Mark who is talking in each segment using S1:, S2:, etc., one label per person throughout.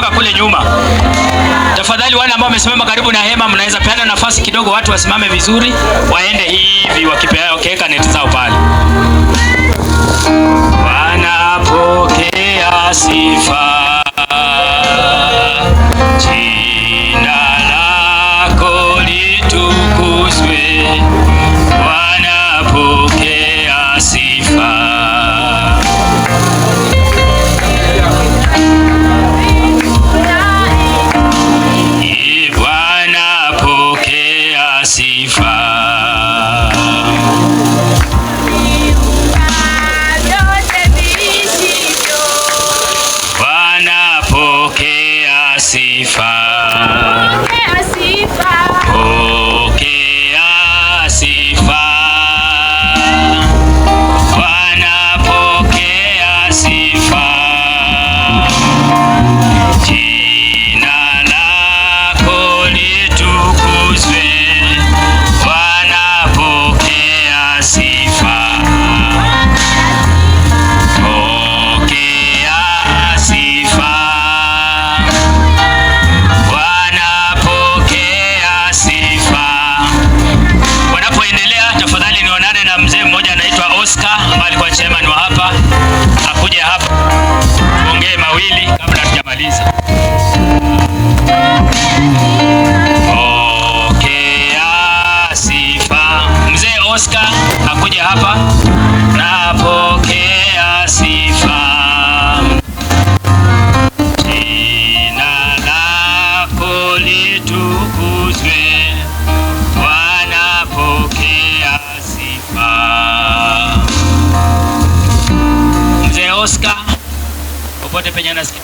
S1: kutoka kule nyuma. Tafadhali wale ambao wamesimama karibu na hema, mnaweza peana nafasi kidogo, watu wasimame vizuri, waende hivi wakipea wakiweka neti zao pale. Wanapokea sifa popote penye nasikia.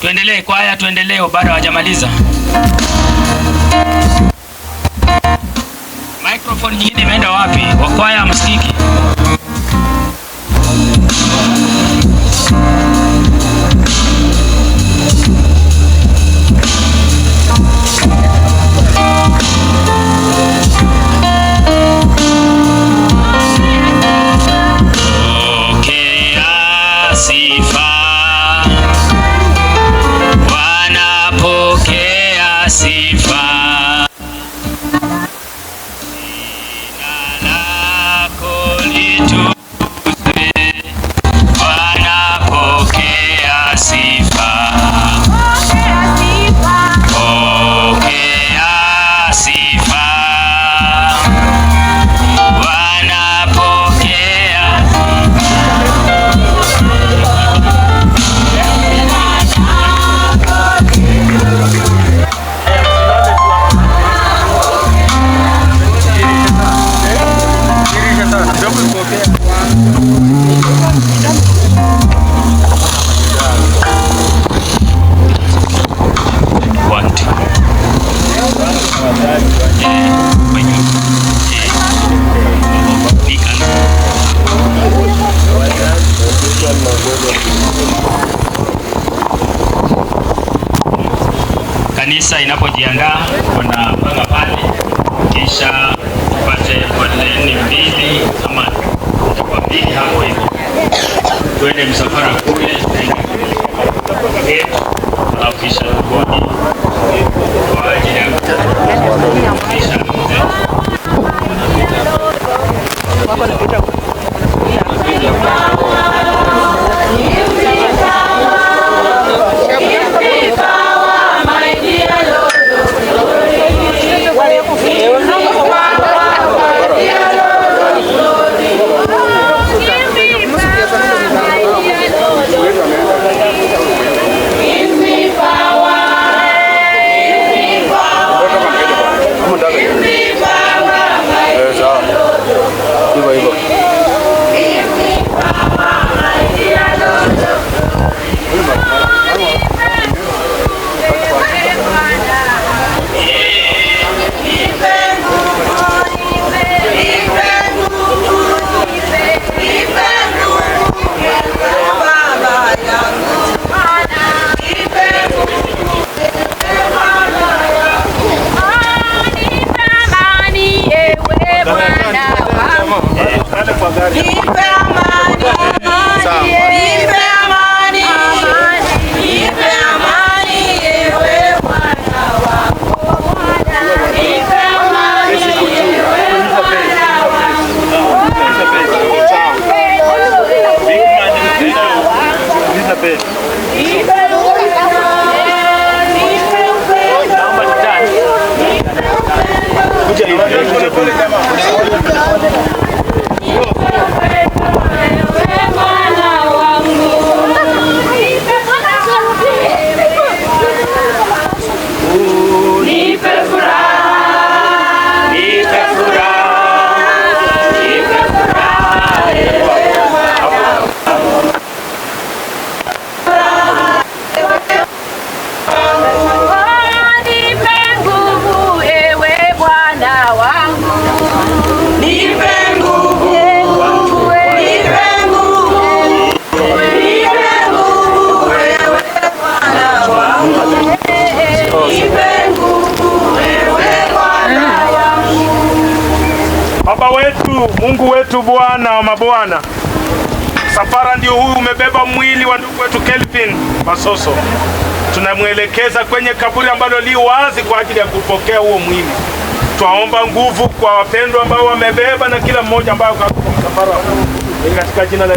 S1: Tuendelee kwa haya, tuendelee, bado hawajamaliza. Microphone nyingine imeenda wapi? Wakwaya kuwepo twende msafara kule alafu kisha ukoni kwa ajili ya kisha
S2: amani. Oh.
S3: Bwana. Safara ndio huyu umebeba mwili wa ndugu wetu Kelvin Masoso, tunamwelekeza kwenye kaburi ambalo li wazi kwa ajili ya kupokea huo mwili. Twaomba nguvu kwa wapendwa ambao wamebeba na kila mmoja ambao kwa msafara huu katika jina la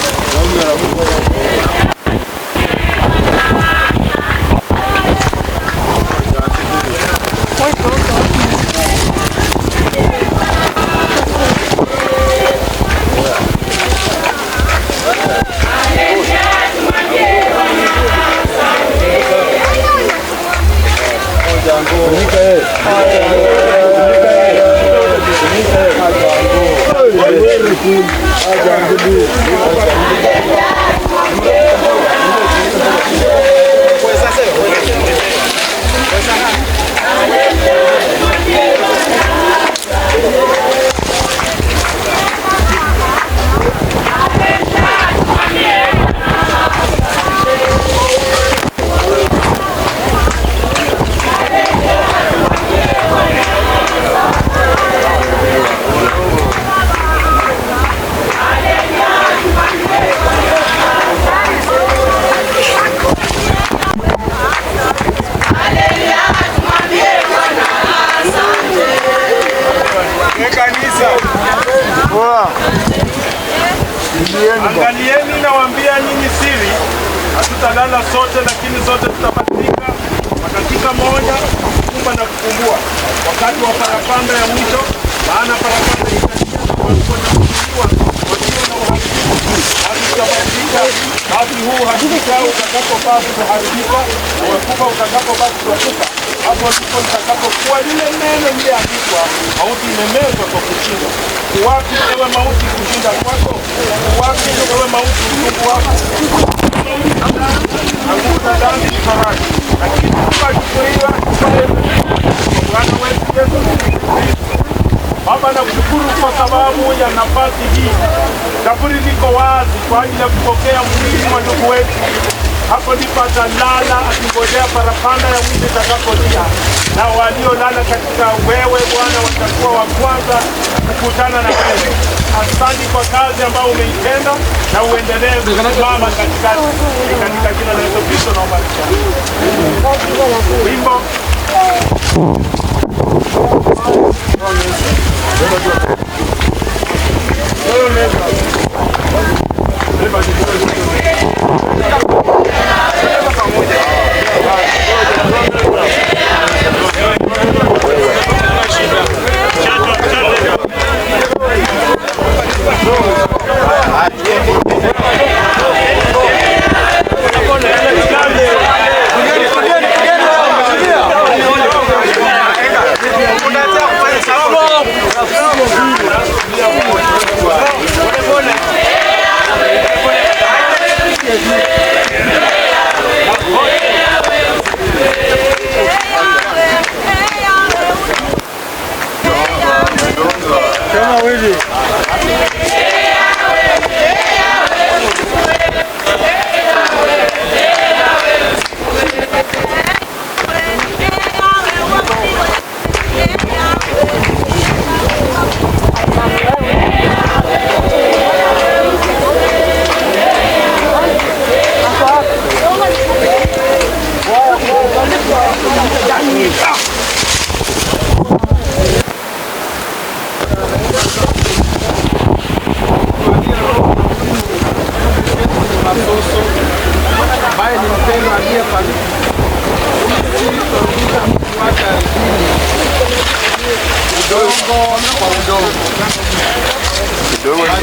S3: huko. Angalieni, nawaambia nyinyi siri, hatutalala sote, lakini sote tutabadilika katika moja, kuumba na kufungua wakati wa parapanda ya mwisho. Maana parapanda italia na wakiwa na uharibifu, hadi tutabadilika. Hadi huu hakika utakapobaki kuharibika, na wekufa utakapobaki kukufa hapo ndipo lile neno liliandikwa, mauti imemezwa kwa kushinda. Kuwapi ewe mauti kushinda kwako? Kuwapi ewe mauti utungu wako? Anguka ndani ya lakini tukachukuliwa Bwana wetu Yesu Kristo. Baba, nakushukuru kwa sababu ya nafasi hii. Kaburi liko wazi kwa ajili ya kupokea mwili wa ndugu wetu hapo ndipo atalala akingojea parapanda ya mwisho itakapolia, na waliolala katika wewe Bwana watakuwa wa kwanza kukutana na wewe. Asante kwa kazi ambayo umeitenda, na uendelee kusimama katikati, katika jina la Yesu Kristo na ubariki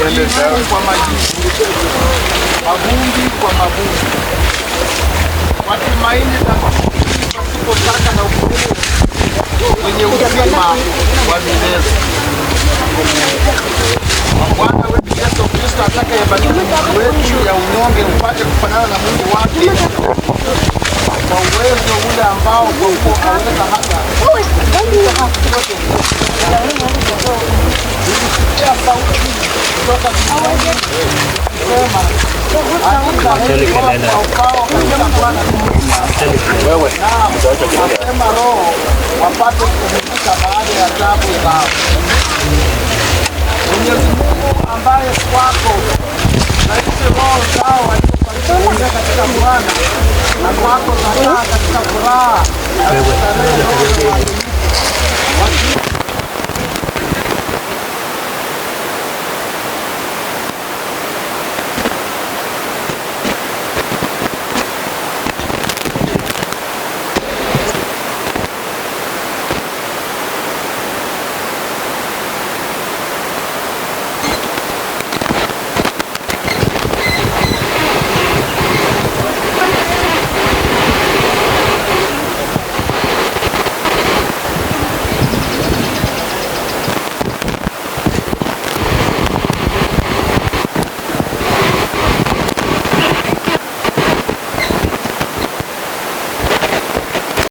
S3: majivu kwa majivu, mavumbi kwa mavumbi, matumaini na pasipotaka na ufufuo kwenye uzima wa milele. Bwana wetu Yesu Kristo atakayebadili wetu ya unyonge upate kufanana na Mungu wake kwa uwezo ule ambao kwa uko haweza hata Wewe asema roho wapate kuvuka baada ya taabu zao. Mwenyezi Mungu ambaye kwako na hizi roho zao waliopatia katika Bwana na kwako zakaa katika furaha na starehe